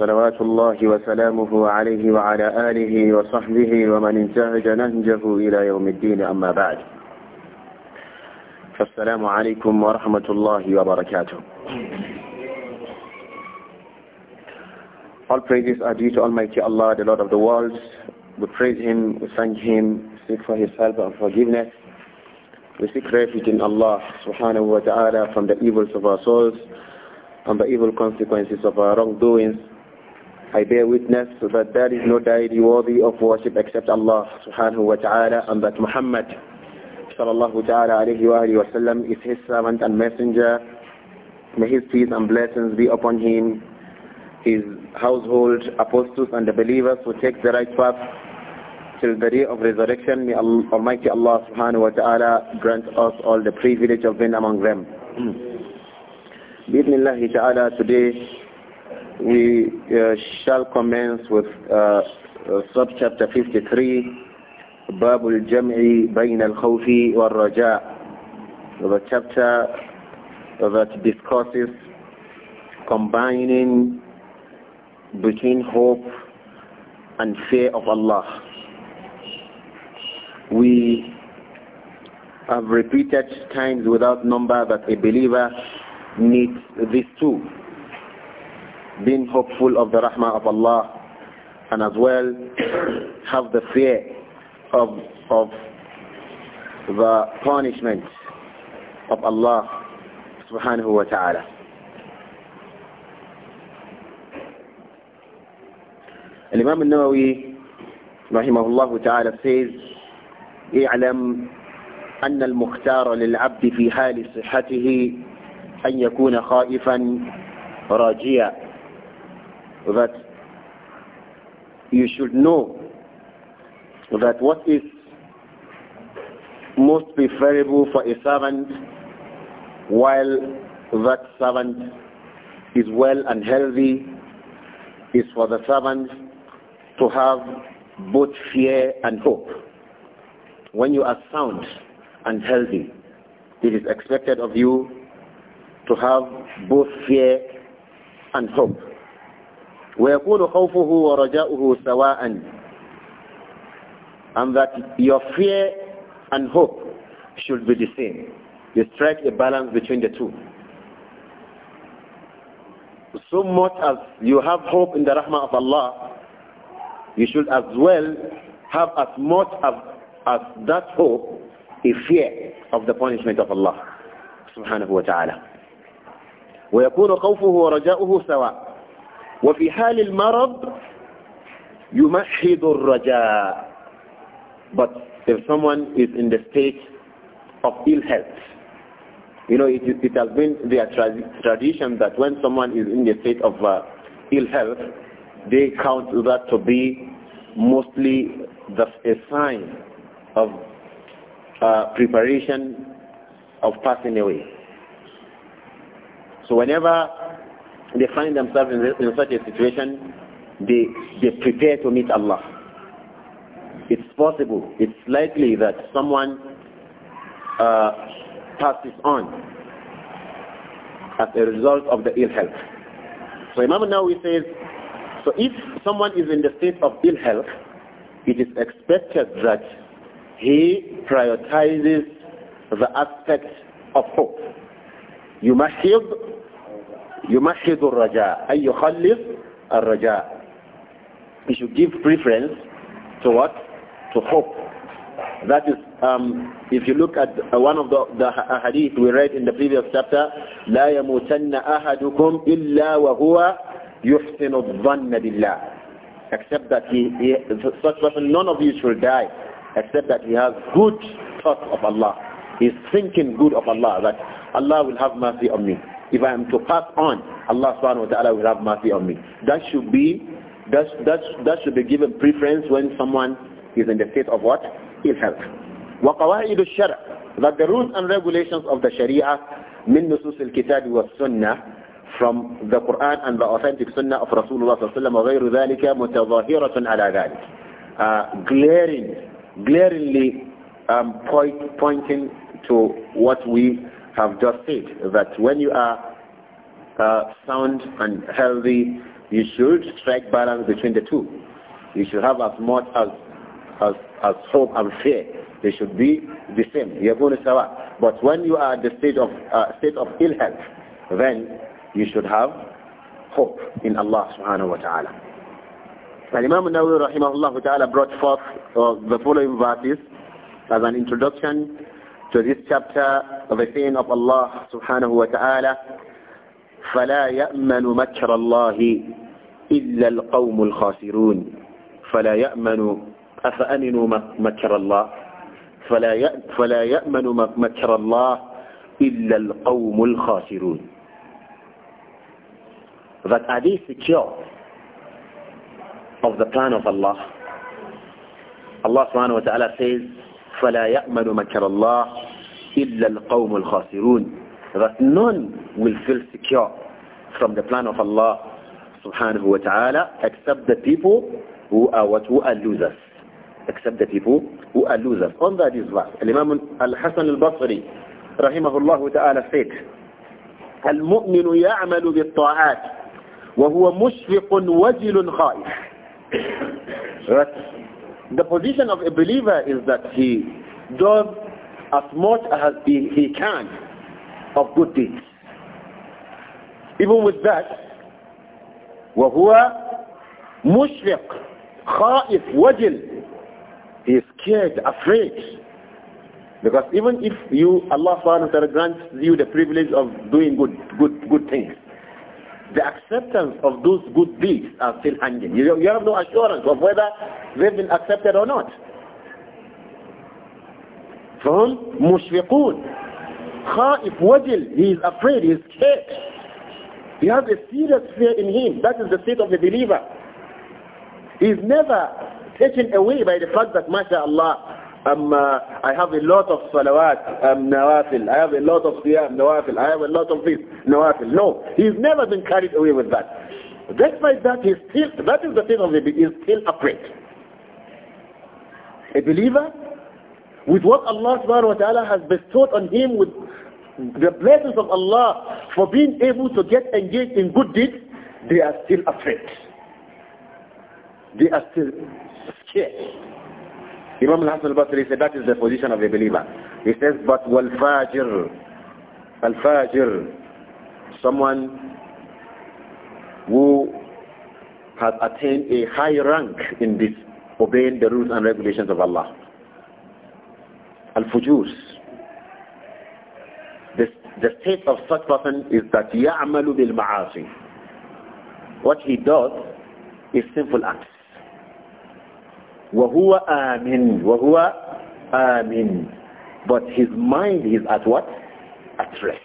صلوات الله وسلامه عليه وعلى آله وصحبه ومن انتهج نهجه إلى يوم الدين أما بعد فالسلام عليكم ورحمة الله وبركاته All praises are due to Almighty Allah, the Lord of the worlds. We praise Him, we thank Him, seek for His help and forgiveness. We seek refuge in Allah subhanahu wa ta'ala from the evils of our souls and the evil consequences of our wrongdoings. I bear witness that there is no deity worthy of worship except Allah subhanahu wa ta'ala and that Muhammad sallallahu ta'ala alayhi wa alayhi wa sallam is his servant and messenger. May his peace and blessings be upon him, his household, apostles and the believers who take the right path till the day of resurrection. May Almighty Allah subhanahu wa ta'ala grant us all the privilege of being among them. Bismillah ta'ala today we uh, shall commence with uh, uh, subchapter 53 باب الجمع بين الخوف والرجاء the chapter that discusses combining between hope and fear of Allah we have repeated times without number that a believer needs these two being hopeful of the rahmah of Allah and as well have the fear of, of the punishment of Allah subhanahu wa ta'ala. الإمام النووي رحمه الله تعالى says اعلم أن المختار للعبد في حال صحته أن يكون خائفا راجيا that you should know that what is most preferable for a servant while that servant is well and healthy is for the servant to have both fear and hope. When you are sound and healthy, it is expected of you to have both fear and hope. ويكون خوفه ورجاؤه سواء and that your fear and hope should be the same. You strike a balance between the two. So much as you have hope in the rahmah of Allah, you should as well have as much as, as that hope a fear of the punishment of Allah subhanahu wa ta'ala. ويكون خوفه ورجاؤه سواء وفي حال المرض يمحض الرجاء but if someone is in the state of ill health you know it, it has been their tra tradition that when someone is in the state of uh, ill health they count that to be mostly the, a sign of uh, preparation of passing away so whenever they find themselves in, in such a situation, they, they prepare to meet Allah. It's possible, it's likely that someone uh, passes on as a result of the ill health. So Imam Nawawi says, so if someone is in the state of ill health, it is expected that he prioritizes the aspect of hope. You must يمحض يمحض الرجاء أي يخلص الرجاء you should give preference to what? to hope that is um, if you look at one of the, the hadith we read in the previous chapter لا يموتن أحدكم إلا وهو يحسن الظن بالله except that he, he such person none of you should die except that he has good thoughts of Allah he's thinking good of Allah that Allah will have mercy on me if I am to pass on, Allah subhanahu wa ta'ala will have mercy on me. That should be that, that, that should be given preference when someone is in the state of what? Ill health. وقواعد الشرع that the rules and regulations of the Sharia من نصوص الكتاب والسنة from the Quran and the authentic Sunnah of Rasulullah Sallallahu الله عليه ذلك متظاهرة على ذلك uh, glaring glaringly um, point, pointing to what we have just said, that when you are uh, sound and healthy, you should strike balance between the two. You should have as much as, as, as hope and fear. They should be the same. But when you are at the state of, uh, state of ill health, then you should have hope in Allah subhanahu wa ta'ala. Al-Imam Nawawi rahimahullah ta'ala brought forth uh, the following verses as an introduction to this chapter of the saying of Allah subhanahu wa ta'ala فلا يأمن مكر الله إلا القوم الخاسرون فلا يأمن أفأمنوا مكر الله فلا فلا يأمن مكر الله إلا القوم الخاسرون That are they secure of the plan of Allah? Allah subhanahu wa ta'ala says فلا يأمن مكر الله إلا القوم الخاسرون that none will feel secure from the plan of Allah سبحانه وتعالى except the people who are what who are losers except the people who are losers on that is what الإمام الحسن البصري رحمه الله تعالى said المؤمن يعمل بالطاعات وهو مشفق وجل خائف The position of a believer is that he does as much as he, he can of good deeds. Even with that, وهو مشفق خائف وجل He is scared, afraid. Because even if you, Allah subhanahu wa ta'ala grants you the privilege of doing good, good, good things, the acceptance of those good deeds are still hanging. You, you have no assurance of whether they've been accepted or not. From Mushfiqun, خائف Wajil, he is afraid he is scared he has a serious fear in him that is the state of the believer he is never taken away by the fact that Allah. Um, uh, I have a lot of salawat, um, nawafil. I have a lot of siyam, nawafil. I have a lot of this, nawafil. No, he's never been carried away with that. Despite that, he's still, that is the thing of the he's still upright. A believer, with what Allah subhanahu wa ta'ala has bestowed on him with the blessings of Allah for being able to get engaged in good deeds, they are still afraid. They are still scared. Imam Hassan al-Basri said that is the position of a believer. He says, but wal-fajir, al-fajir, someone who has attained a high rank in this, obeying the rules and regulations of Allah. Al-fujus. The, the state of such person is that bil-maasi. What he does is sinful acts. وَهُوَ آمِن وَهُوَ آمِن But his mind is at what? At rest.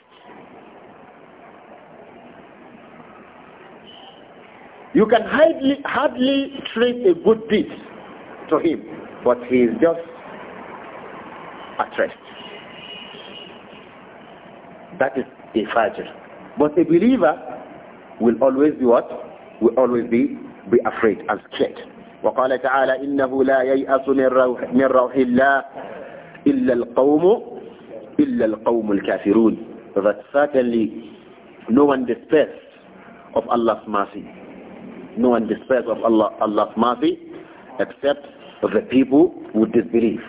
You can hardly, hardly trace a good deed to him, but he is just at rest. That is a fajr. But a believer will always be what? Will always be, be afraid and scared. وقال تعالى إنه لا ييأس من روح, من روح الله إلا القوم إلا القوم الكافرون that certainly no one despairs of Allah's mercy no one despairs of Allah, Allah's mercy except the people who disbelieve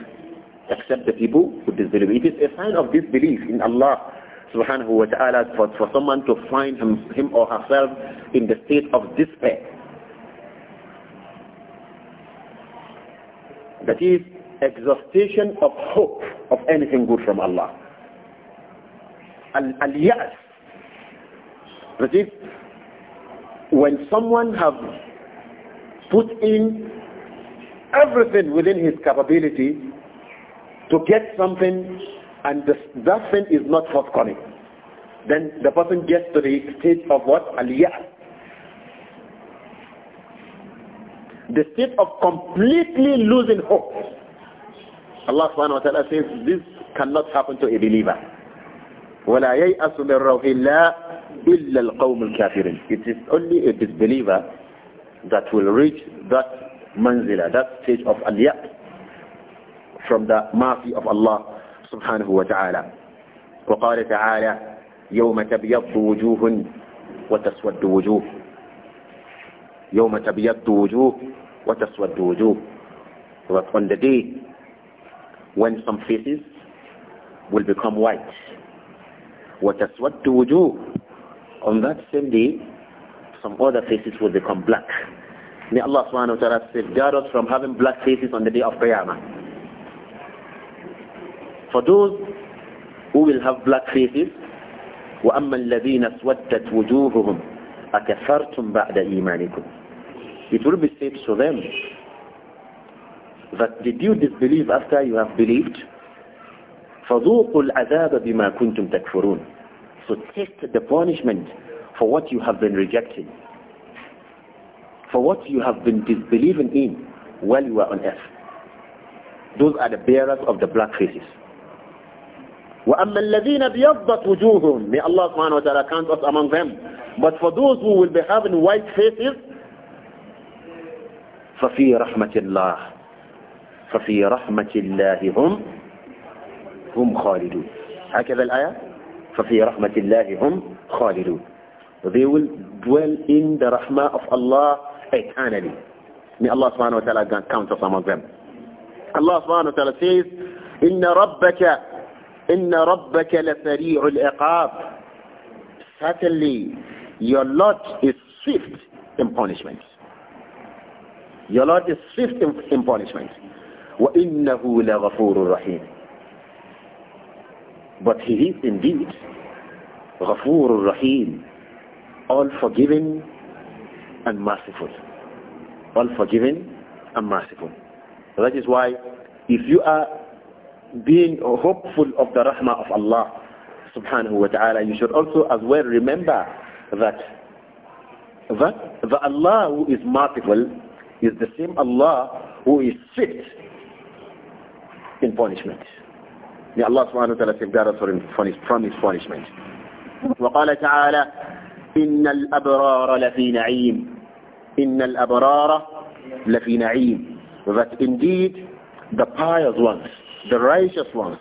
except the people who disbelieve it is a sign of disbelief in Allah subhanahu wa ta'ala for, for someone to find him, him or herself in the state of despair That is exhaustion of hope of anything good from Allah. Al-Yas. That is when someone have put in everything within his capability to get something and that thing is not forthcoming, then the person gets to the state of what? Al-Yas. the state of completely losing hope. Allah subhanahu wa ta'ala says this cannot happen to a believer. وَلَا يَيْأَسُ مِنْ رَوْحِ اللَّهِ إِلَّا الْقَوْمُ الْكَافِرِينَ It is only a disbeliever that will reach that manzila, that stage of al aliyah from the mercy of Allah subhanahu wa ta'ala. وقال تعالى يوم تبيض وجوه وتسود وجوه يوم تبيض وجوه وتسود وجوه but on the day when some faces will become white وتسود وجوه on that same day some other faces will become black may Allah subhanahu wa ta'ala save us from having black faces on the day of Qiyamah for those who will have black faces وأما الذين اسودت وجوههم أكفرتم بعد إيمانكم It will be said to them that did you disbelieve after you have believed? فَذُوقُوا الْعَذَابَ بِمَا كُنْتُمْ تَكْفُرُونَ So taste the punishment for what you have been rejecting, for what you have been disbelieving in while you were on earth. Those are the bearers of the black faces. وَأَمَّا الَّذِينَ بِيَضَّتْ وُجُوهُمْ May Allah subhanahu wa ta'ala count us among them. But for those who will be having white faces, ففي رحمة الله ففي رحمة الله هم هم خالدون هكذا الآية ففي رحمة الله هم خالدون They will dwell in the rahmah of Allah eternally. May Allah subhanahu wa ta'ala count us among them. Allah subhanahu wa ta'ala says, إِنَّ رَبَّكَ إِنَّ رَبَّكَ لَسَرِيعُ الْعِقَابِ Certainly, your lot is swift in punishment. Your Lord is swift in, in punishment. وَإِنَّهُ لَغَفُورٌ رَحِيمٌ But He is indeed غَفُورٌ rahim, All forgiving and merciful. All forgiving and merciful. So that is why if you are being hopeful of the rahmah of Allah subhanahu wa ta'ala, you should also as well remember that, that the Allah who is merciful is the same Allah who is strict in punishment. May Allah subhanahu wa ta'ala safeguard us from his punishment. وقال تعالى إن الأبرار لفي نعيم إن الأبرار لفي نعيم That indeed the pious ones, the righteous ones,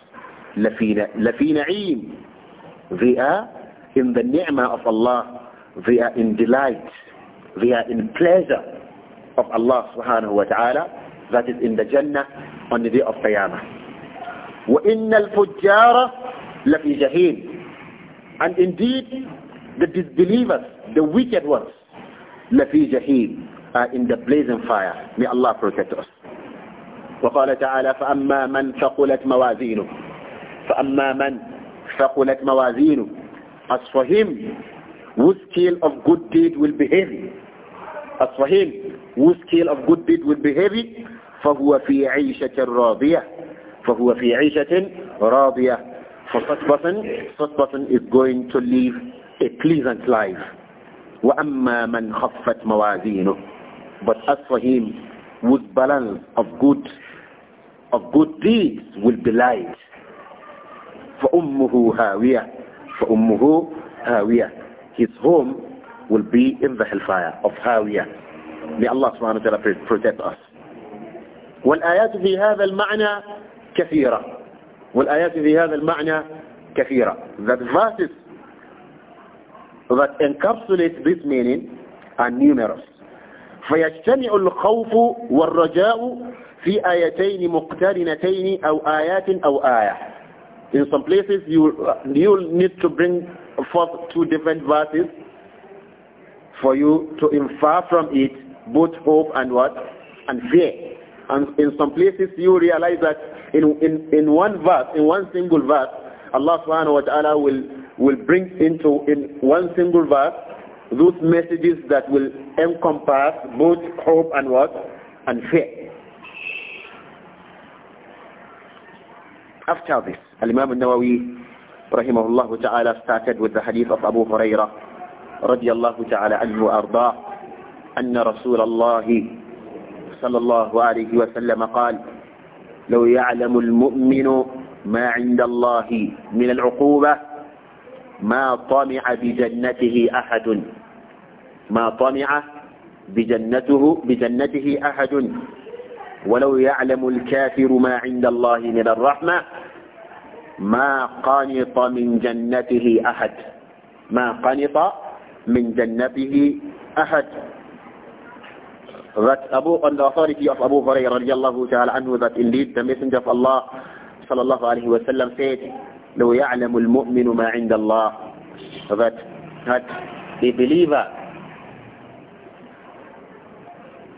لفي نعيم They are in the ni'mah of Allah. They are in delight. They are in pleasure. of Allah subhanahu wa ta'ala that is in the Jannah on the day of Qiyamah. وَإِنَّ الْفُجَّارَ لَفِي جَهِيمٍ And indeed, the disbelievers, the wicked ones, لَفِي جَهِيمٍ are in the blazing fire. May Allah protect us. وقال تعالى فأما من ثقلت مَوَازِينُ فأما من ثقلت مَوَازِينُ As for him, whose scale of good deed will be heavy, الصهيل وسكيل of good deed will be heavy فهو في عيشة راضية فهو في عيشة راضية for such person such person is going to live a pleasant life وأما من خفت موازينه but as for him balance of good of good deeds will be light فأمه هاوية فأمه هاوية his home will be in the hellfire of Hawiyah. May Allah subhanahu wa ta'ala protect us. والآيات في هذا المعنى كثيرة والآيات في هذا المعنى كثيرة that verses that encapsulate this meaning are numerous فيجتمع الخوف والرجاء في آيتين مقترنتين أو آيات أو آية in some places you you need to bring forth two different verses for you to infer from it both hope and what? And fear. And in some places you realize that in, in, in one verse, in one single verse, Allah subhanahu wa ta'ala will, will bring into in one single verse those messages that will encompass both hope and what? And fear. After this, Al-Imam al-Nawawi rahimahullah ta'ala started with the hadith of Abu Hurairah رضي الله تعالى عنه وأرضاه أن رسول الله صلى الله عليه وسلم قال لو يعلم المؤمن ما عند الله من العقوبة ما طمع بجنته أحد ما طمع بجنته بجنته أحد ولو يعلم الكافر ما عند الله من الرحمة ما قنط من جنته أحد ما قنط من جنته أحد ذات أبو قند أصاري أف أبو غرير رضي الله تعالى عنه ذات إنديد دم يسنجف الله صلى الله عليه وسلم سيد لو يعلم المؤمن ما عند الله ذات هات the believer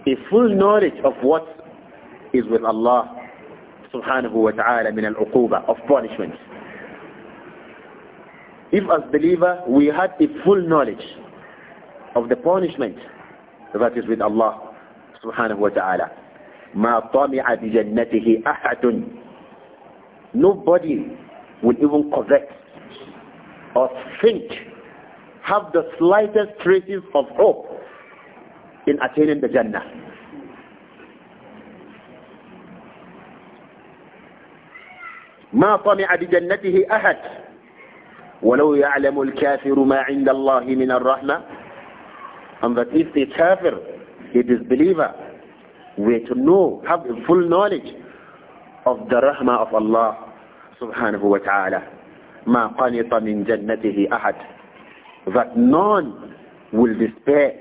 the full knowledge of what is with Allah سبحانه وتعالى من العقوبة of punishment if as believer we had a full knowledge of the punishment that is with Allah subhanahu wa ta'ala. ما طمع بجنته أحد Nobody will even correct or think, have the slightest traces of hope in attaining the Jannah. ما طمع بجنته أحد ولو يعلم الكافر ما عند الله من الرحمة and that if the kafir the disbeliever were to know have full knowledge of the rahmah of Allah subhanahu wa ta'ala ما قنط من جنته أحد that none will despair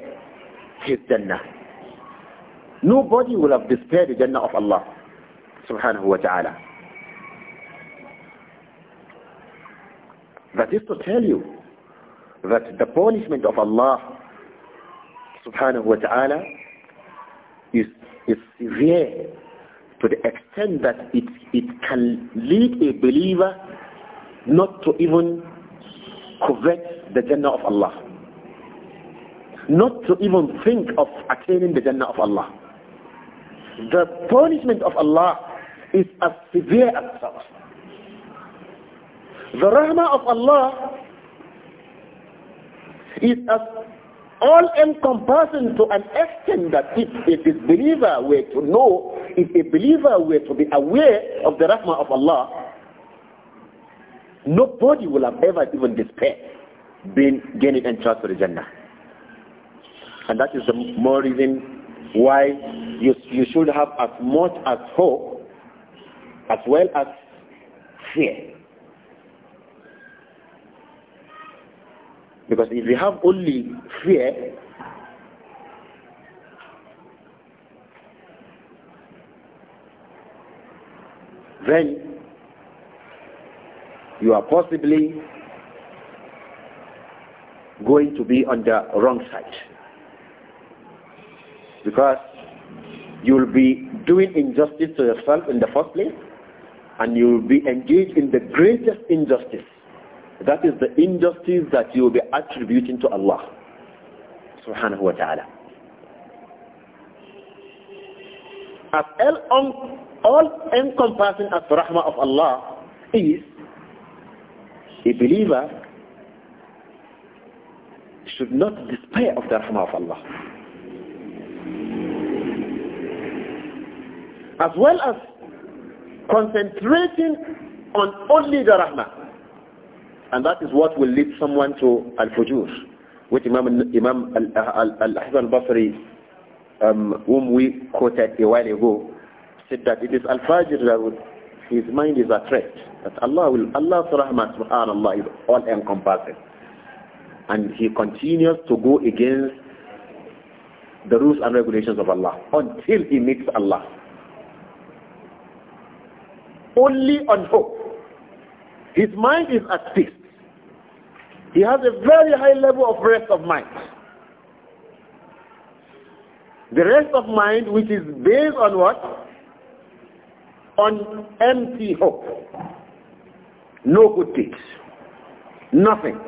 his Jannah. Nobody will have despaired the Jannah of Allah subhanahu wa ta'ala. That is to tell you that the punishment of Allah subhanahu wa ta'ala is, is severe to the extent that it, it can lead a believer not to even covet the Jannah of Allah. Not to even think of attaining the Jannah of Allah. The punishment of Allah is as severe as such. The rahmah of Allah is as all-encompassing to an extent that if, if a believer were to know, if a believer were to be aware of the rahmah of Allah, nobody will have ever even despaired being gaining entrance to the Jannah. And that is the more reason why you, you should have as much as hope as well as fear. Because if you have only fear, then you are possibly going to be on the wrong side. Because you will be doing injustice to yourself in the first place, and you will be engaged in the greatest injustice that is the injustice that you will be attributing to Allah subhanahu wa ta'ala. As all, all encompassing as rahmah of Allah is, a believer should not despair of the rahmah of Allah. As well as concentrating on only the rahmah. And that is what will lead someone to al-fujur, which Imam, Imam al-Hasan al-Basri, um, whom we quoted a while ago, said that it is al-fajr that his mind is at rest. That Allah will, Allah's rahmah subhanallah is all encompassing. And he continues to go against the rules and regulations of Allah until he meets Allah. Only on hope his mind is at peace. He has a very high level of rest of mind. The rest of mind which is based on what? On empty hope. No good things. Nothing.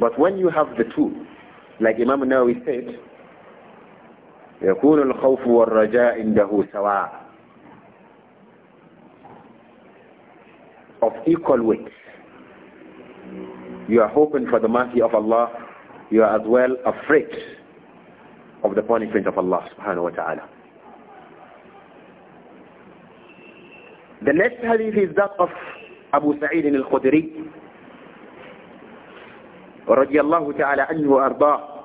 But when you have the two, like Imam Nawawi said, يكون الخوف والرجاء عنده سواء of equal weight you are hoping for the mercy of Allah you are as well afraid of the punishment of Allah subhanahu wa ta'ala the next hadith is that of Abu Sa'id al-Khudri رضي الله تعالى عنه وأرضاه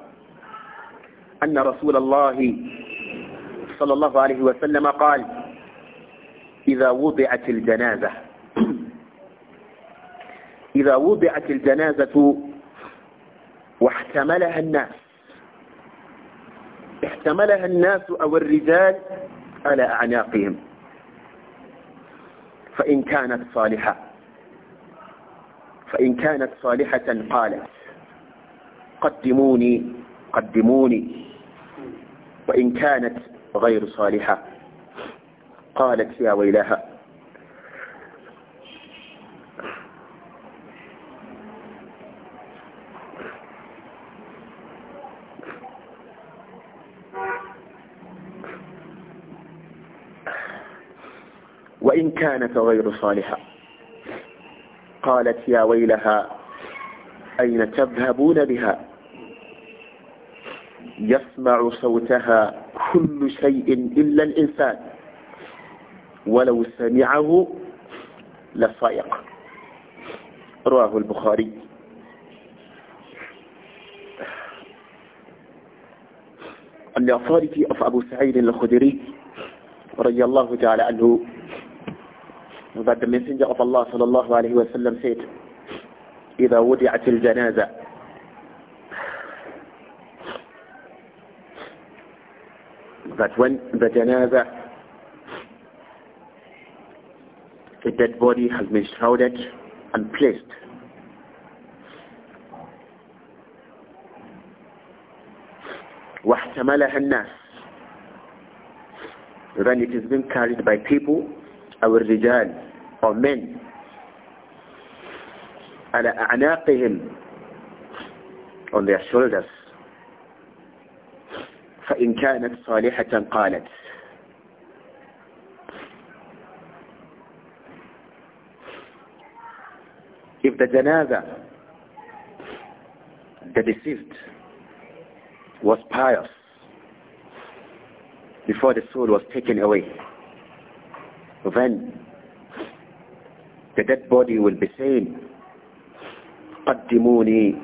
أن رسول الله صلى الله عليه وسلم قال إذا وضعت الجنازة إذا وضعت الجنازة واحتملها الناس احتملها الناس أو الرجال على أعناقهم فإن كانت صالحة فإن كانت صالحة قالت قدموني قدموني وإن كانت غير صالحة قالت يا ويلها وإن كانت غير صالحة قالت يا ويلها أين تذهبون بها يسمع صوتها كل شيء إلا الإنسان ولو سمعه لصائق رواه البخاري أن of أف أبو سعيد الخدري رضي الله تعالى عنه وبعد من سنجة الله صلى الله عليه وسلم سيد إذا وضعت الجنازة that when the janaza, the dead body has been shrouded and placed واحتملها الناس then it is being carried by people our رجال or men على أعناقهم on their shoulders فإن كانت صالحة قالت If the janaza, the deceased, was pious before the soul was taken away, then the dead body will be saying, قدموني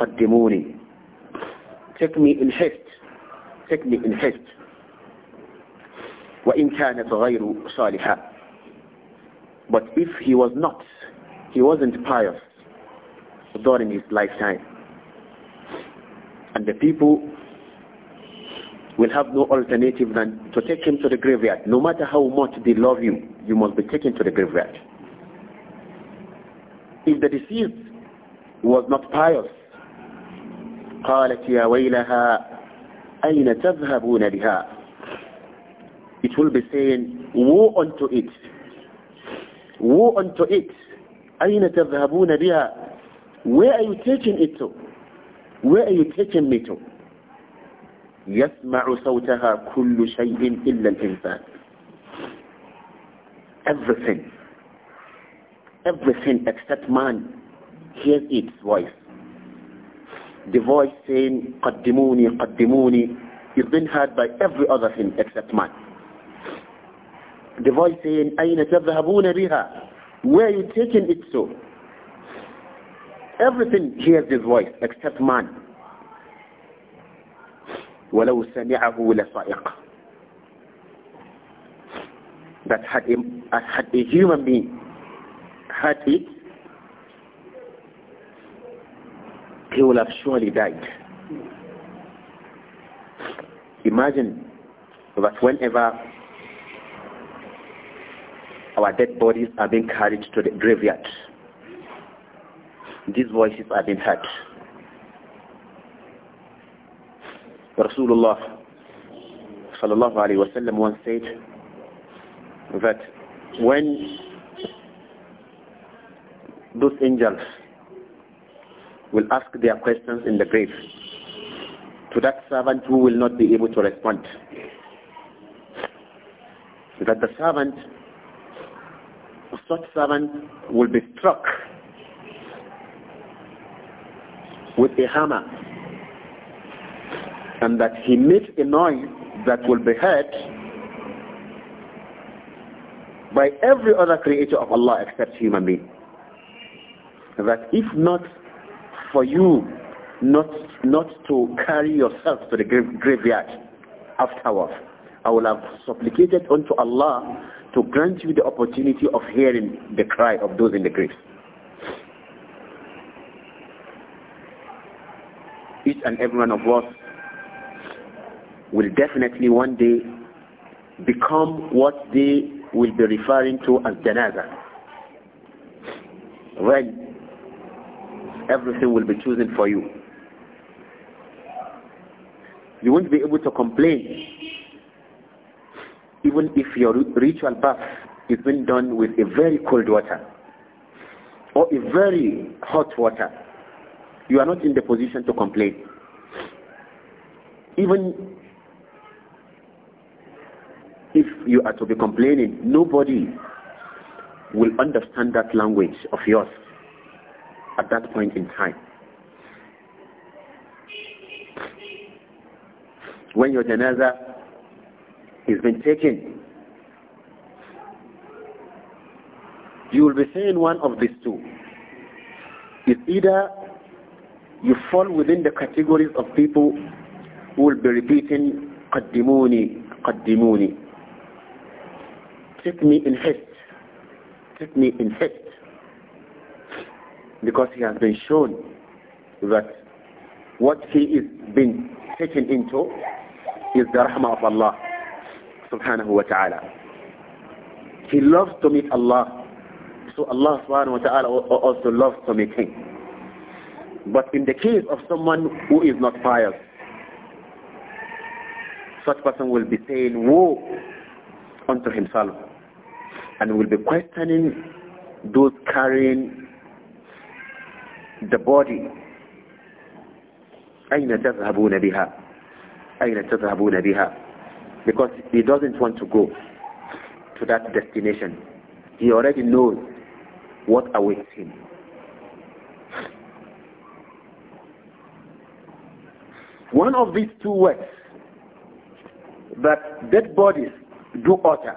قدموني Take me in haste استكمل انحزت وإن كانت غير صالحة but if he was not he wasn't pious during his lifetime and the people will have no alternative than to take him to the graveyard no matter how much they love you you must be taken to the graveyard if the deceased was not pious قالت يا ويلها أين تذهبون بها it will be saying woe unto it woe unto it أين تذهبون بها where are you taking it to where are you taking me to يسمع صوتها كل شيء إلا الإنسان everything everything except man hears its voice the voice saying, Qaddimuni, Qaddimuni, is been heard by every other thing except man. The voice saying, Aina tadhhabuna biha, where are you taking it to? Everything hears this voice except man. ولو سمعه لصائق that had a, had a human being heard it he will have surely died. Imagine that whenever our dead bodies are being carried to the graveyard, these voices are being heard. Rasulullah sallallahu alaihi wasallam once said that when those angels will ask their questions in the grave to that servant who will not be able to respond. that the servant, such servant will be struck with a hammer and that he makes a noise that will be heard by every other creator of Allah except human being. That if not for you not not to carry yourself to the graveyard afterwards. I will have supplicated unto Allah to grant you the opportunity of hearing the cry of those in the grave. Each and every one of us will definitely one day become what they will be referring to as janaza. When everything will be chosen for you. You won't be able to complain even if your ritual bath is being done with a very cold water or a very hot water. You are not in the position to complain. Even if you are to be complaining, nobody will understand that language of yours at that point in time. When your janaza has been taken, you will be saying one of these two. It's either you fall within the categories of people who will be repeating قدموني قدموني take me in haste take me in haste because he has been shown that what he is being taken into is the rahmah of Allah subhanahu wa ta'ala. He loves to meet Allah, so Allah subhanahu wa ta'ala also loves to meet him. But in the case of someone who is not pious, such person will be saying woe unto himself and will be questioning those carrying the body أين تذهبون بها أين تذهبون بها because he doesn't want to go to that destination he already knows what awaits him one of these two words that dead bodies do utter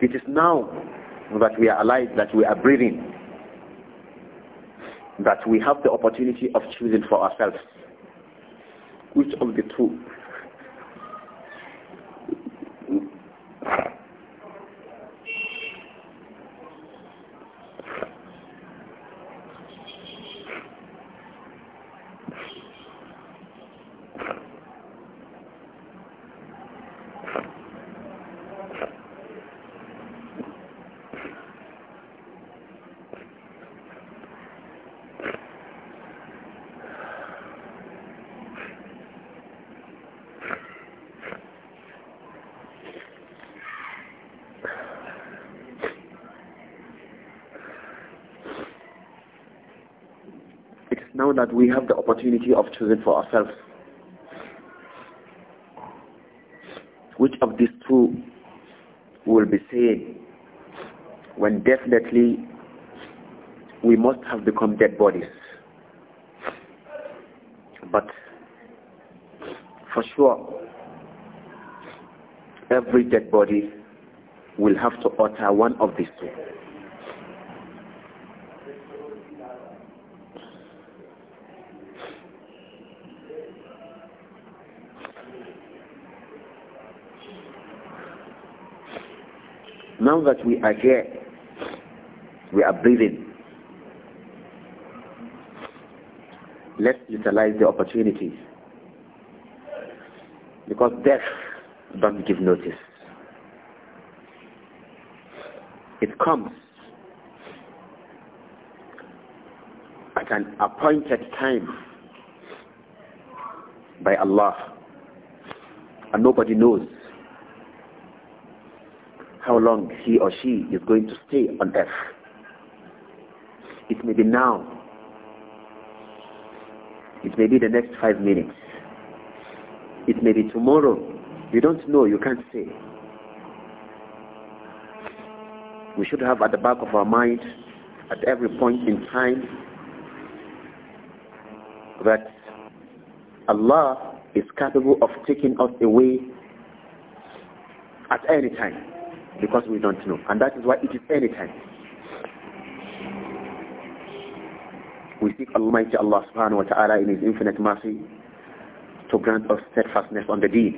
It is now that we are alive, that we are breathing, that we have the opportunity of choosing for ourselves which of the two now that we have the opportunity of choosing for ourselves. Which of these two will be saying when definitely we must have become dead bodies? But for sure, every dead body will have to utter one of these two. Now that we are here, we are breathing. Let's utilize the opportunities. Because death does not give notice. It comes at an appointed time by Allah. And nobody knows long he or she is going to stay on earth. It may be now. It may be the next five minutes. It may be tomorrow. You don't know. You can't say. We should have at the back of our mind, at every point in time, that Allah is capable of taking us away at any time because we don't know. And that is why it is any time. We seek Almighty Allah subhanahu wa ta'ala in His infinite mercy to grant us steadfastness on the deed.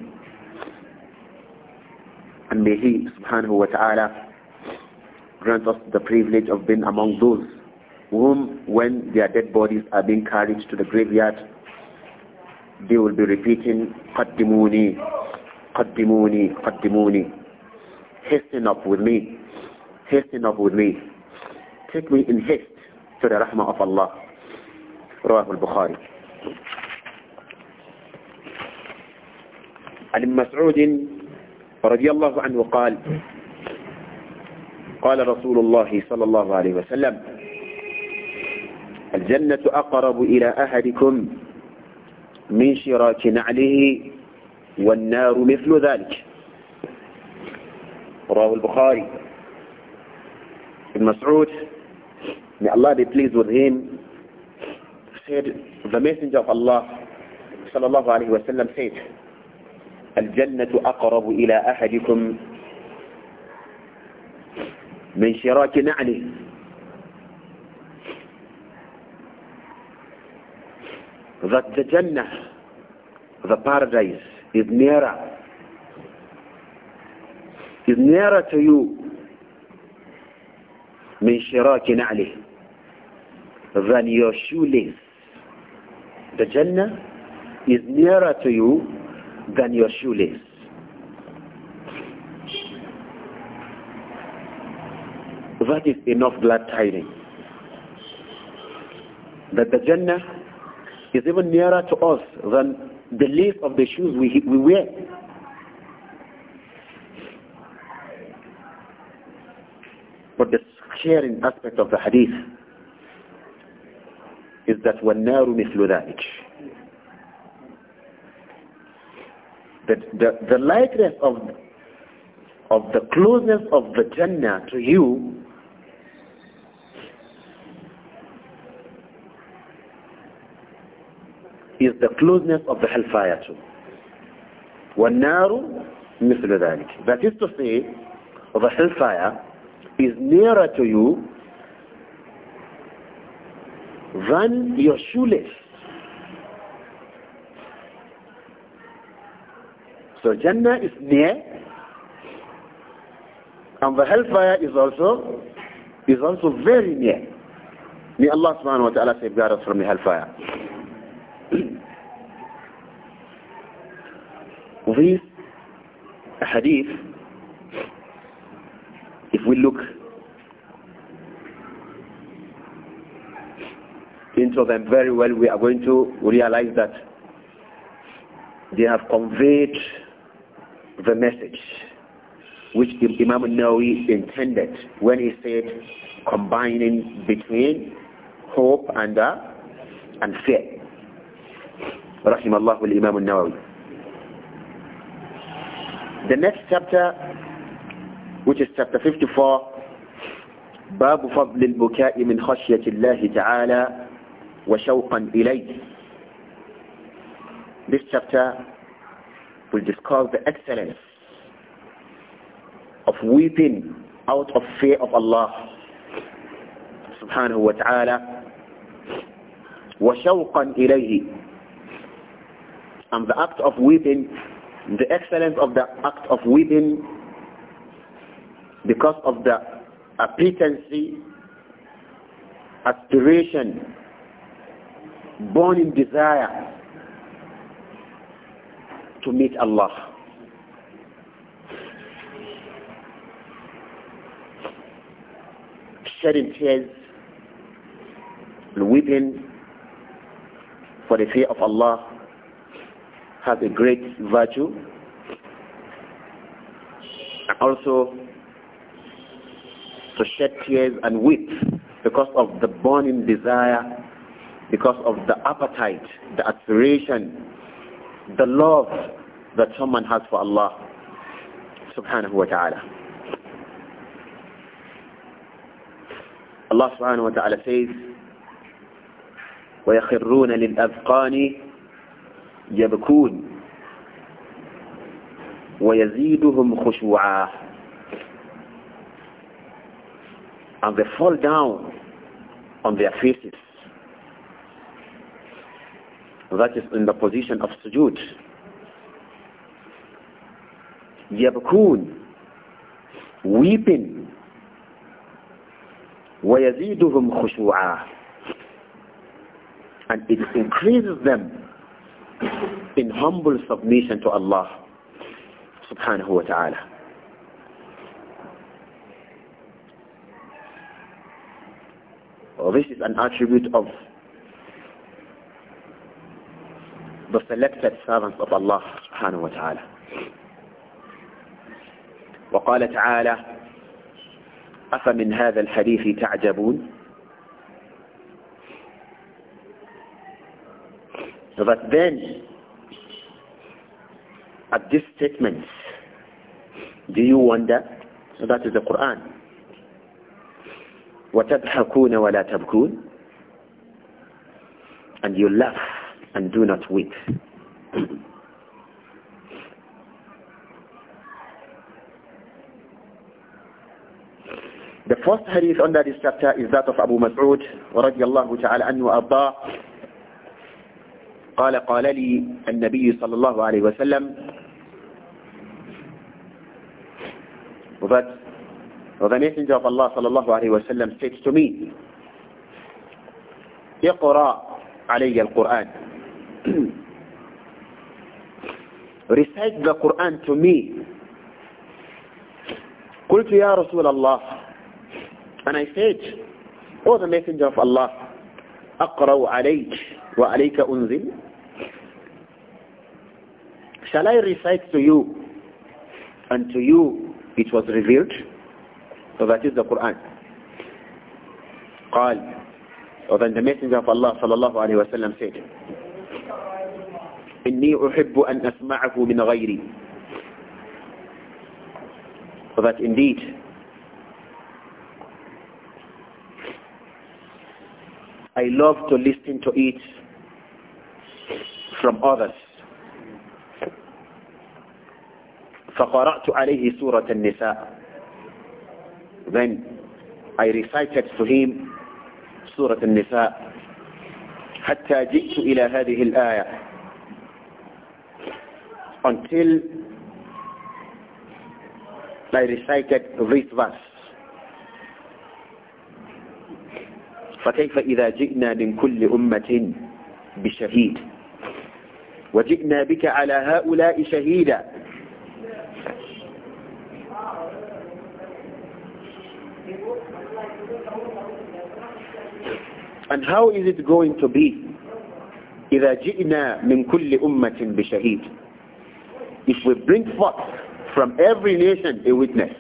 And may He subhanahu wa ta'ala grant us the privilege of being among those whom when their dead bodies are being carried to the graveyard, they will be repeating, قدموني قدموني قدموني hasten up with me. Hasten up with me. Take me in haste to the rahmah of Allah. رواه البخاري عن مسعود رضي الله عنه قال قال رسول الله صلى الله عليه وسلم الجنة أقرب إلى أحدكم من شراك نعله والنار مثل ذلك رواه البخاري Ibn مسعود may Allah be pleased with him said the messenger of Allah صلى الله عليه وسلم said الجنة أقرب إلى أحدكم من شراك نعله that the Jannah the paradise is nearer is nearer to you من شراك نعله than your shoelace. The Jannah is nearer to you than your shoelace. That is enough glad tidings. That the Jannah is even nearer to us than the leaf of the shoes we, we wear. But the sharing aspect of the hadith is that وَالنَّارُ مِثْلُ ذَلِكَ the, the, the likeness of, of the closeness of the Jannah to you is the closeness of the hellfire too. وَالنَّارُ مِثْلُ ذَلِكَ That is to say, of a hellfire is nearer to you than your shoelace. So Jannah is near and the hellfire is also is also very near. May Allah subhanahu wa ta'ala safeguard us from the hellfire. this hadith if we look into them very well, we are going to realize that they have conveyed the message which Imam Nawawi intended when he said combining between hope and uh, and fear. رحم الله الإمام النووي. The next chapter which is chapter 54 باب فضل البكاء من خشية الله تعالى وشوقا إليه This chapter will discuss the excellence of weeping out of fear of Allah subhanahu wa ta'ala وشوقا إليه and the act of weeping the excellence of the act of weeping because of the appetency, aspiration, born in desire to meet Allah. Shedding tears and weeping for the fear of Allah has a great virtue. Also, to shed tears and weep because of the burning desire, because of the appetite, the aspiration, the love that someone has for Allah subhanahu wa ta'ala. Allah subhanahu wa ta'ala says, وَيَخِرُّونَ لِلْأَذْقَانِ يَبْكُونَ وَيَزِيدُهُمْ خُشُوعًا and they fall down on their faces. That is in the position of sujood. يبكون weeping ويزيدهم خشوعا and it increases them in humble submission to Allah subhanahu wa ta'ala or this is an attribute of the selected servants of Allah subhanahu wa ta'ala. وقال تعالى أفمن هذا الحديث تعجبون So that then, at this statement, do you wonder? So that is the Quran. وتضحكون ولا تبكون and you laugh and do not weep The first hadith under this chapter is that of Abu Mas'ud رضي الله تعالى عنه وأرضاه قال قال لي النبي صلى الله عليه وسلم that So the Messenger of Allah sallallahu alayhi wa sallam said to me, اقرأ علي القرآن Recite the Quran to me. قلت يا رسول الله And I said, Oh the Messenger of Allah, أقرأ عليك وعليك أنزل Shall I recite to you? And to you it was revealed? that is the Quran قال وذن then the messenger of Allah صلى الله عليه وسلم said إني أحب أن أسمعه من غيري for that indeed I love to listen to it from others فقرأت عليه سورة النساء Then I recited to him Surah Al-Nisa حتى جئت إلى هذه الآية until I recited this verse فكيف إذا جئنا من كل أمة بشهيد وجئنا بك على هؤلاء شهيدا And how is it going to be? إِذَا جِئْنَا مِنْ كُلِّ أُمَّةٍ بِشَهِيدٍ If we bring forth from every nation a witness,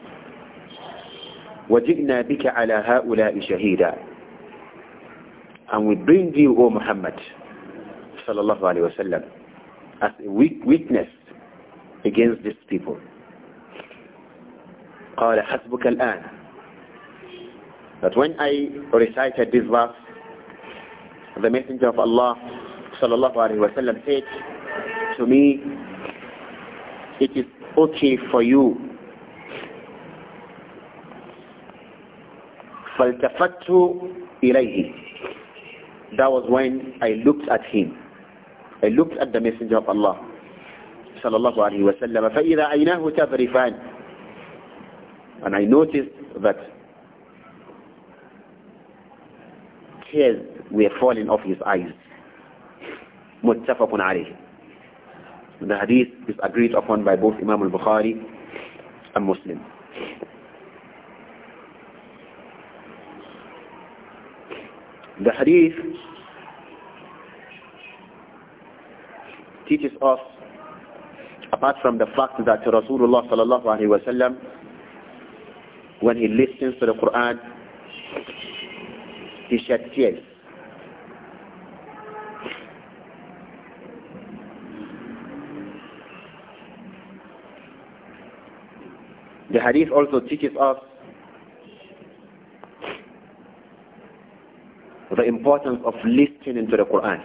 وَجِئْنَا بِكَ عَلَى هَؤُلَاءِ شَهِيدًا And we bring you, O Muhammad, sallallahu alayhi wasallam, as a witness against these people. قال حسبك الآن But when I recited this verse the Messenger of Allah sallallahu alaihi wasallam said to me, it is okay for you. فَالْتَفَتُّ إِلَيْهِ That was when I looked at him. I looked at the Messenger of Allah sallallahu الله عليه وسلم فإذا عيناه تفرفان. and I noticed that tears were falling off his eyes. Muttafaqun alayhi. The hadith is agreed upon by both Imam al-Bukhari and Muslim. The hadith teaches us, apart from the fact that Rasulullah sallallahu alaihi wasallam, when he listens to the Quran, he sheds tears. The hadith also teaches us the importance of listening to the Quran.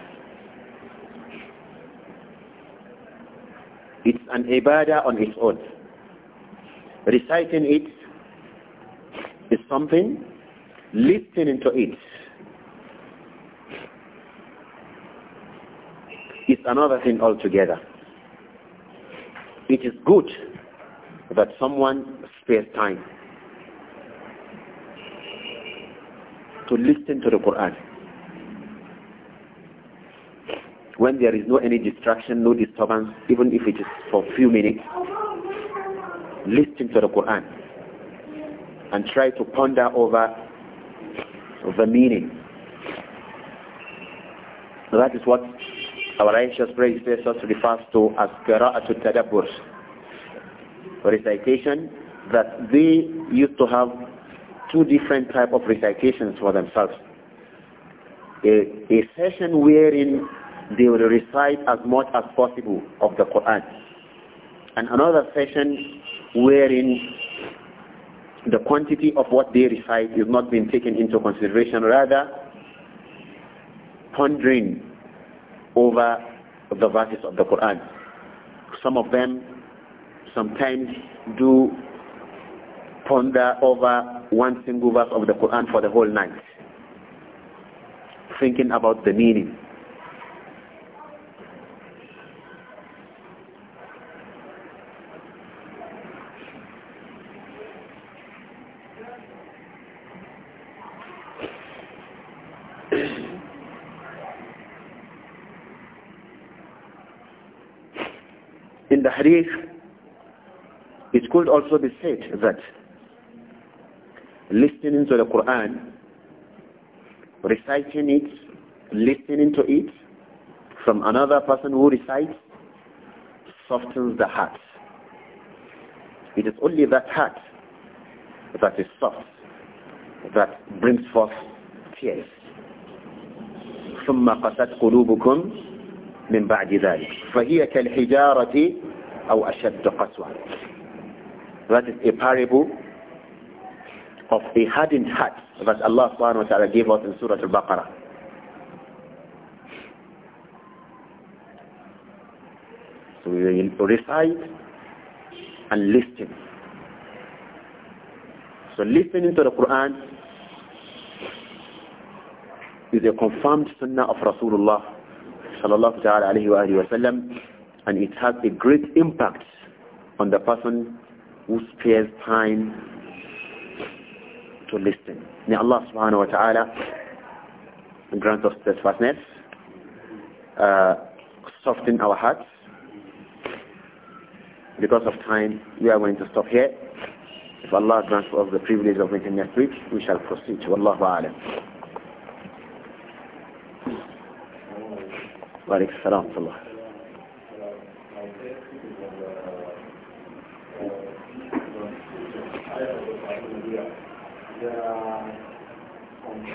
It's an ibadah on its own. Reciting it is something, listening to it is another thing altogether. It is good that someone spares time to listen to the Quran. When there is no any distraction, no disturbance, even if it is for a few minutes, listen to the Quran and try to ponder over the meaning. that is what our righteous predecessors refers to as qira'atul tadabbur recitation that they used to have two different type of recitations for themselves. A, a session wherein they would recite as much as possible of the Quran. And another session wherein the quantity of what they recite is not being taken into consideration, rather pondering over the verses of the Quran. Some of them sometimes do ponder over one single verse of the Quran for the whole night, thinking about the meaning. In the could also be said that listening to the Quran, reciting it, listening to it from another person who recites softens the heart. It is only that heart that is soft that brings forth tears. ثم قست قلوبكم من بعد ذلك فهي كالحجارة أو أشد قسوة that is a parable of a hardened heart that Allah subhanahu wa ta'ala gave us in Surah Al-Baqarah. So we will recite and listen. So listening to the Quran is a confirmed sunnah of Rasulullah sallallahu alayhi wa sallam and it has a great impact on the person who spares time to listen. May Allah subhanahu wa ta'ala grant us steadfastness, uh, soften our hearts. Because of time, we are going to stop here. If Allah grants us the privilege of making next week, we shall proceed. Wallahu a'lam. Wa alaikum salam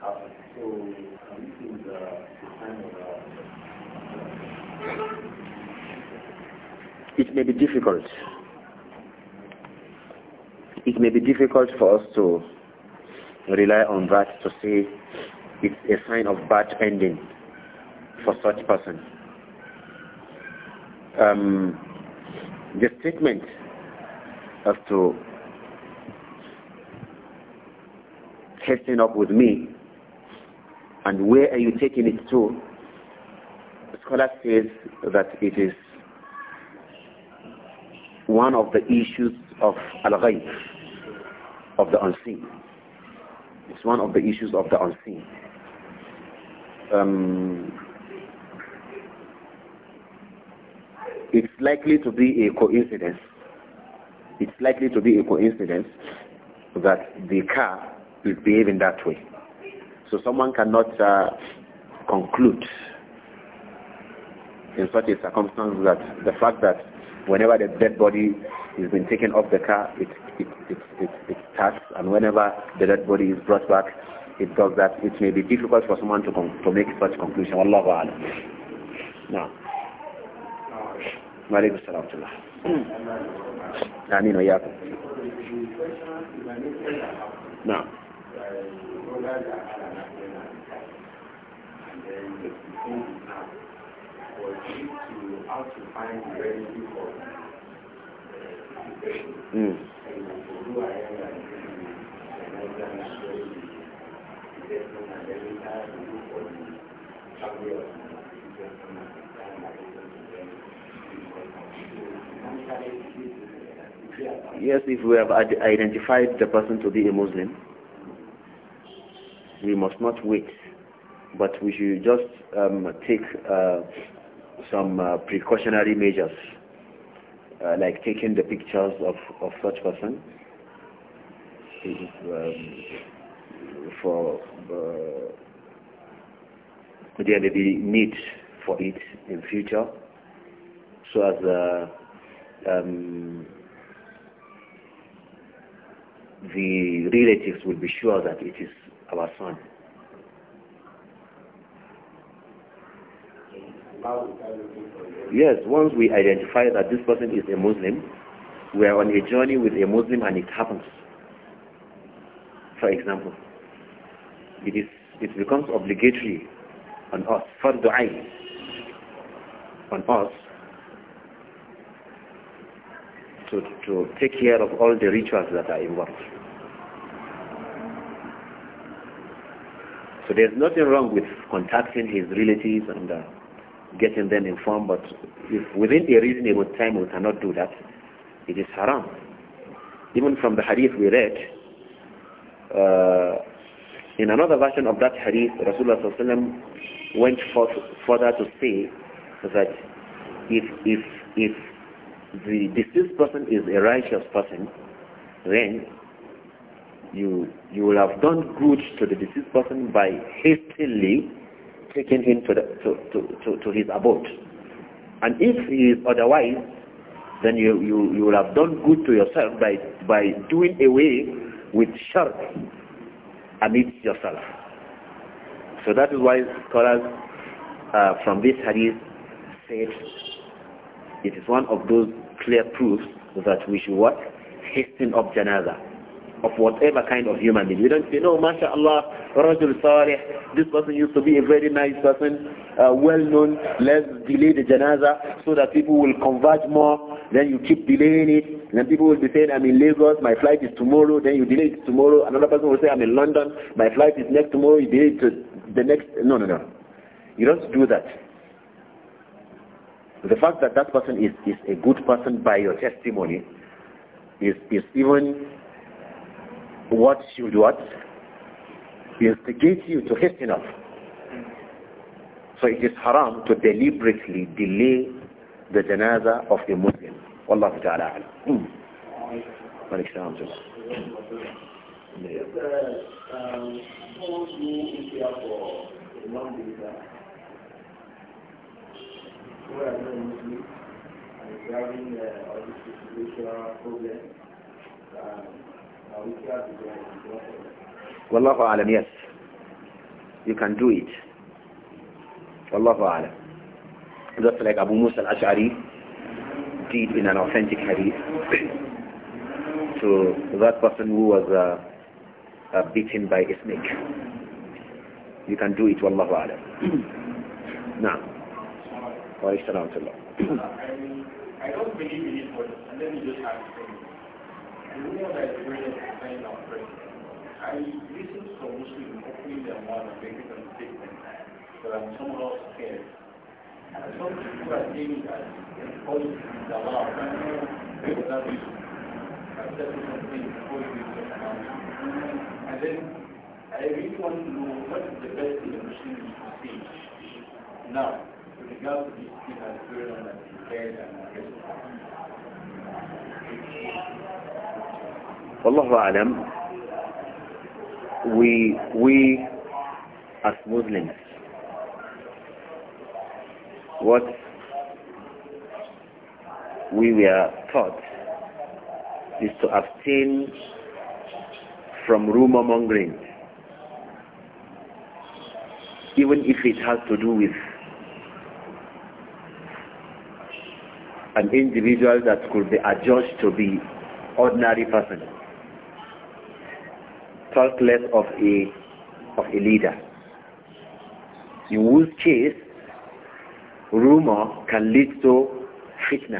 So It may be difficult. It may be difficult for us to rely on that to say it's a sign of bad ending for such person. Um, the statement as to hasten up with me and where are you taking it to? The scholar says that it is one of the issues of al-ghayb, of the unseen. It's one of the issues of the unseen. Um, it's likely to be a coincidence. It's likely to be a coincidence that the car is behaving that way. So someone cannot uh, conclude in such a circumstance that the fact that whenever the dead body is being taken off the car, it, it, it, it, it starts, and whenever the dead body is brought back, it does that. It may be difficult for someone to, to make such conclusion. Wallahu Now. وعليكم السلام ورحمة الله آمين you to how to find the remedy for Yes, if we have identified the person to be a Muslim, we must not wait but we should just um, take uh, some uh, precautionary measures, uh, like taking the pictures of, of such person um, for uh, there may be need for it in future, so as uh, um, the relatives will be sure that it is our son. Yes, once we identify that this person is a Muslim, we are on a journey with a Muslim and it happens. For example, it, is, it becomes obligatory on us, for du'a, on us to, to take care of all the rituals that are involved. So there's nothing wrong with contacting his relatives and uh, getting them informed, but if within a reasonable time we cannot do that, it is haram. Even from the hadith we read, uh, in another version of that hadith, Rasulullah went further to say that if, if, if the deceased person is a righteous person, then you, you will have done good to the deceased person by hastily taking him to, the, to, to, to, to, his abode. And if he is otherwise, then you, you, you will have done good to yourself by, by doing away with shirk amidst yourself. So that is why scholars uh, from this hadith said it is one of those clear proofs that we should what? Hasten up janaza of whatever kind of human being. We don't say, no, mashallah, Rajul this person used to be a very nice person, uh, well known, let's delay the janaza so that people will converge more, then you keep delaying it, and then people will be saying, I'm in Lagos, my flight is tomorrow, then you delay it tomorrow, another person will say, I'm in London, my flight is next tomorrow, you delay it to the next, no, no, no. You don't do that. The fact that that person is, is a good person by your testimony is, is even what should what? Instigate you to hasten up. So it is haram to deliberately delay the janaza of a Muslim. Allah ta'ala alam. Hmm. Uh, Regarding uh, uh, all this situation problem, um, Wallahu alam, yes. You can do it. Wallahu alam. Just like Abu Musa al-Ash'ari did in an authentic hadith to that person who was uh, uh, beaten by a snake. You can do it, wallahu alam. Now, wa I don't believe in it, but let me just ask the way that I bring it kind I listen to some Muslims opening their mouth and making that I'm somehow scared. And some people are saying that is allowed. I know that is accepting something before And then I really want to know what is the best thing the Muslims to say now with regard to this thing that's going on at the head and the rest of Allah alam, we, we as Muslims, what we were taught is to abstain from rumor mongering, even if it has to do with an individual that could be adjudged to be ordinary person talk of a, of a leader. In whose case, rumor can lead to fitna.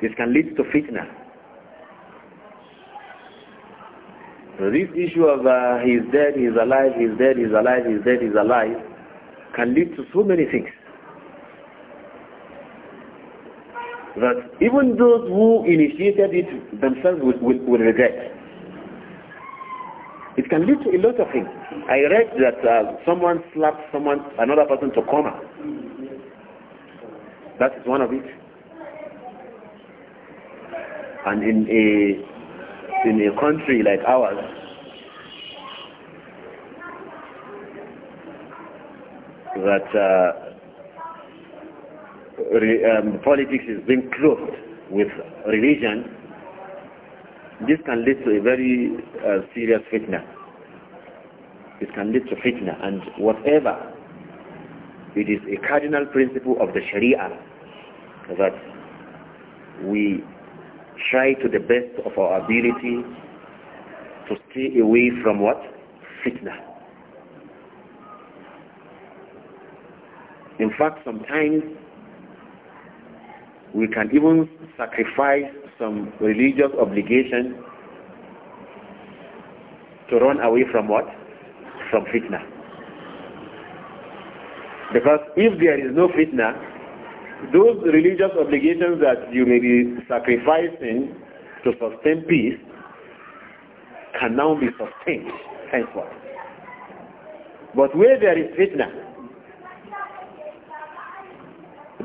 This can lead to fitna. So this issue of uh, he's dead, he's alive, he's dead, he's alive, he's dead, he's alive, can lead to so many things. that even those who initiated it themselves will, will, will regret. It can lead to a lot of things. I read that uh, someone slapped someone, another person to coma. That is one of it. And in a in a country like ours, that uh, um, politics is being clothed with religion, this can lead to a very uh, serious fitna. It can lead to fitna and whatever. It is a cardinal principle of the Sharia that we try to the best of our ability to stay away from what? Fitna. In fact, sometimes we can even sacrifice some religious obligation to run away from what? From fitna. Because if there is no fitna, those religious obligations that you may be sacrificing to sustain peace can now be sustained henceforth. But where there is fitna,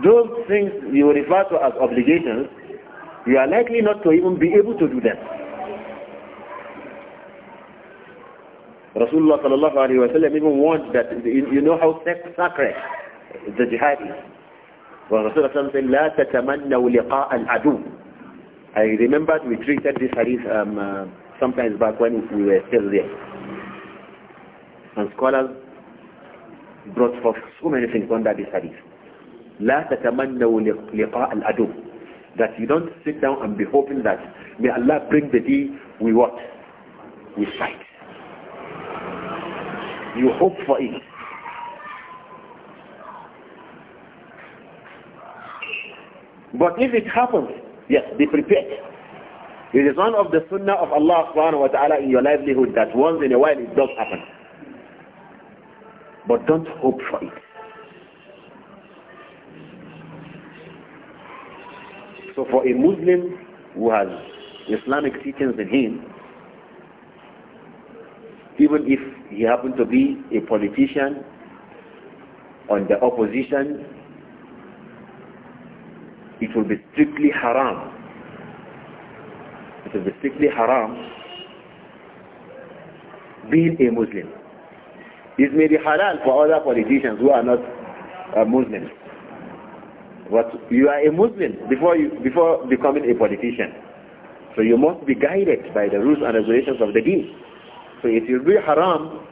those things you refer to as obligations, you are likely not to even be able to do them. Rasulullah sallallahu alayhi wa sallam even warned that you know how sacred the jihad is. When Rasulullah said, لا تتمنوا لقاء العدو I remember we treated this hadith um, uh, sometimes back when we were still there. And scholars brought forth so many things under this hadith. لا تتمنوا لقاء العدو that you don't sit down and be hoping that may Allah bring the day we what we fight you hope for it but if it happens yes be prepared it is one of the sunnah of Allah subhanahu wa ta'ala in your livelihood that once in a while it does happen but don't hope for it So for a Muslim who has Islamic teachings in him, even if he happened to be a politician on the opposition, it will be strictly haram. It will be strictly haram being a Muslim. This may be halal for other politicians who are not uh, Muslims. But you are a Muslim before, you, before becoming a politician. So you must be guided by the rules and regulations of the deen. So it will be haram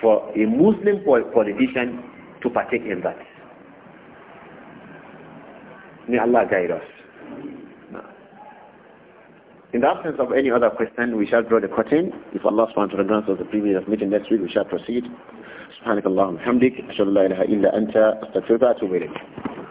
for a Muslim politician to partake in that. May Allah guide us. In the absence of any other question, we shall draw the curtain. If Allah subhanahu wa ta'ala grants us the privilege of meeting next week, we shall proceed. سبحانك اللهم وبحمدك أشهد أن لا إله إلا أنت أستغفرك وأتوب إليك